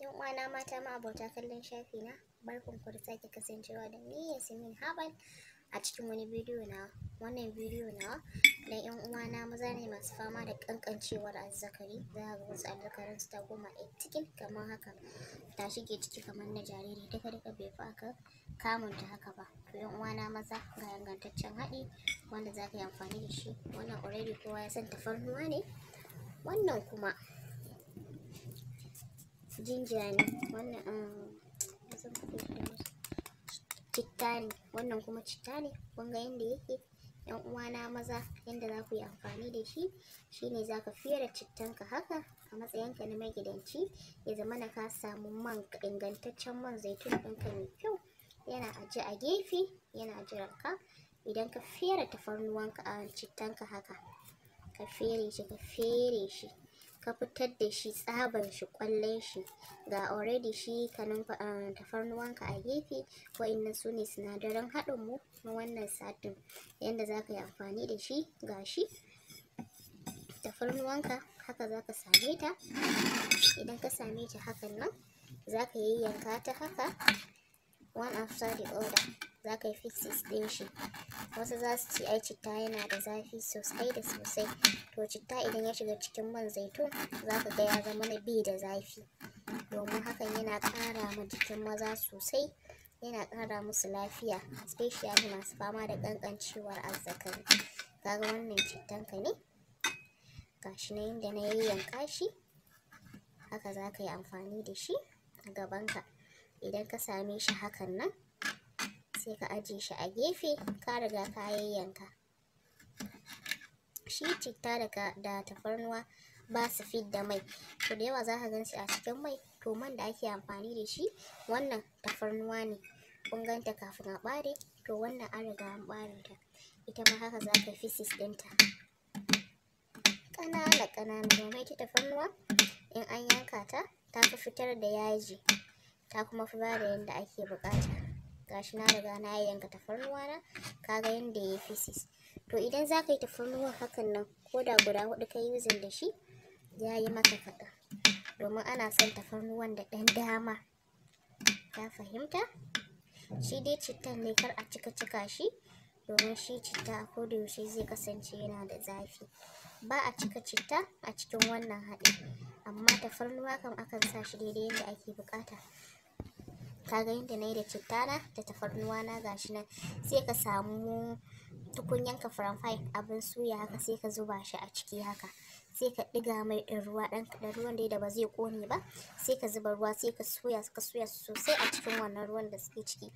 yan uwana mata ma abota kallon shafi na barkun ku da sake kasancewa da ni Yasmin Habal a cikin wani bidiyo na wannan bidiyo na da yan uwana maza ne masu fama da kankancewar azzakari za ka ga wasu azzakarin su ta goma a cikin kamar haka ta shige ciki kamar na jariri daga-daga bai fi aka kamun ta haka ba to yan na maza ga ingantaccen haɗi wanda za ka yi amfani da shi wannan already kowa ya san tafarnuwa ne wannan kuma jinja ne wannan um, citta ne wannan kuma citta ne kun yadda yake yan uwana maza yadda za ku yi amfani da shi shine za ka cittan cittanka haka a matsayinka na magidanci ya zama na ka samu man ingantaccen man zaitun ɗinka mai kyau yana aje a gefe yana jiran ka idan ka fere tafarnuwanka a cittanka haka ka fere shi ka fere shi ka fitar da shi tsaban shi kwallon shi ga already shi kanin eh, tafarnuwanka a gefe wa'annan su ne sinadaran haɗin mu na wannan satin yadda za ka yi amfani da shi ga shi tafarnuwanka haka za ka same ta idan ka same ta hakan nan za ka yayyanka ta haka one after the other za ka yi fixes ɗin shi wasu za su ci ai citta yana da zafi sosai da sosai to citta idan ya shiga cikin man zaitun za ka ga ya zama na bi da zafi domin hakan yana ƙara ma jikin maza sosai yana ƙara musu lafiya especially masu fama da ƙanƙancewar azzakari kaga wannan ka ne gashi na yadda na yayyanka shi haka za ka yi amfani da shi a gabanka idan ka same shi hakan nan sai ka ajiye shi a gefe ka riga ka yayyanka shi citta daga da tafarnuwa ba su fidda mai to da yawa za ka gan shi a cikin mai to man da ake amfani da shi wannan tafarnuwa ne kun ganta kafin a ɓare to wannan an riga an ɓare ta ita ma haka za ka fisis ɗinta ƙanana ƙanana domin ita tafarnuwa in an yanka ta ta fi fitar da yaji ta kuma fi bada yadda ake bukata gashi na riga na yanka tafarnuwa na kaga yanda yayi fisis. to idan za ka yi tafarnuwan hakan nan ko da guda hudu ka yi da shi ya yi maka kaɗan domin ana son tafarnuwan da ɗan dama Ta fahimta shi dai cittan ne kar a cika cika shi domin shi citta a koda yaushe zai kasance yana da zafi ba a cika citta a cikin wannan haɗi amma tafarnuwa kam akan sa shi daidai yadda ake buƙata ka ga yadda na yi da citta na da tafarnuwa na gashi nan sai ka samu tukunyan ka abin suya haka sai ka zuba shi a ciki haka sai ka ɗiga mai ɗin ruwa ɗan kaɗan ruwan dai da ba zai ƙone ba sai ka zuba ruwa sai ka soya ka soya su sosai a cikin wannan ruwan da suke ciki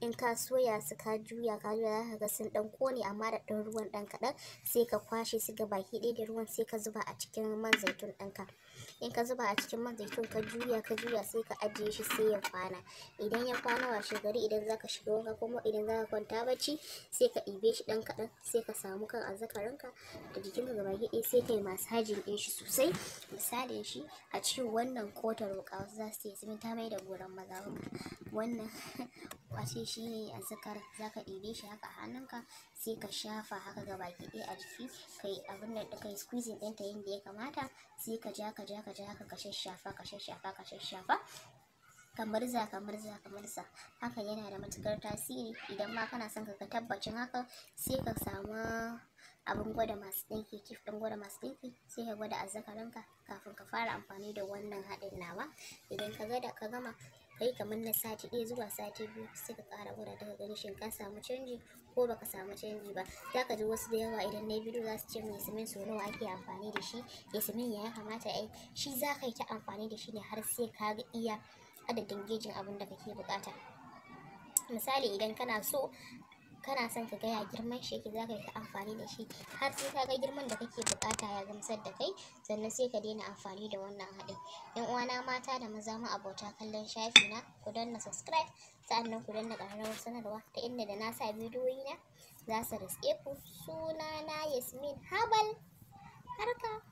in ka soya su ka juya ka juya zaka ga sun ɗan ƙone amma da ɗan ruwan ɗan kaɗan sai ka kwashe su ga baki ɗaya da ruwan sai ka zuba a cikin man zaitun ɗinka in ka zuba a cikin man zaitun ka juya ka juya sai ka ajiye shi sai ya kwana idan ya kwana washe gari idan zaka shiga wanka kuma idan zaka kwanta bacci sai ka ɗibe shi ɗan kaɗan sai ka samu kan azzakarinka da jikinka gaba ɗaya sai kai masu dajin ɗin shi sosai misali shi a cikin wannan kotar wuka wasu za su sun ta mai da goron maza wuka wannan kwace shi ne a zakar za ka ɗebe shi haka a hannunka sai ka shafa haka ga baki ɗaya a jiki ka yi abin da ka yi squeezing ɗinta yadda ya kamata sai ka ja ka ja ka ja ka shashafa ka shashafa ka shashafa ka murza ka murza ka murza haka yana da matukar tasiri idan ma kana son ka tabbacin haka sai ka samu abin gwada masu ɗinki kif ɗin gwada masu ɗinki sai ka gwada azzakarinka kafin ka fara amfani da wannan haɗin nawa idan ka gada ka gama kai kamar na sati ɗaya zuwa sati biyu sai ka ƙara gwada daga gani shin ka samu canji ko baka samu canji ba za ka ji wasu da yawa idan na bidiyo za su ce mai simin so nawa ake amfani da shi ya sumin ya kamata ai shi za ka yi ta amfani da shi ne har sai ka ga iya adadin gejin abin da kake buƙata misali idan kana so kana son ka gaya girman shi yake za ka yi amfani da shi har sai ka ga girman da kake bukata ya gamsar da kai sannan sai ka daina amfani da wannan haɗin yan uwana mata da maza ma abota kallon shafi na ku danna subscribe sa'annan ku danna ƙararrawar sanarwa ta inda da na sa bidiyoyi na za su riske ku suna na yasmin habal harka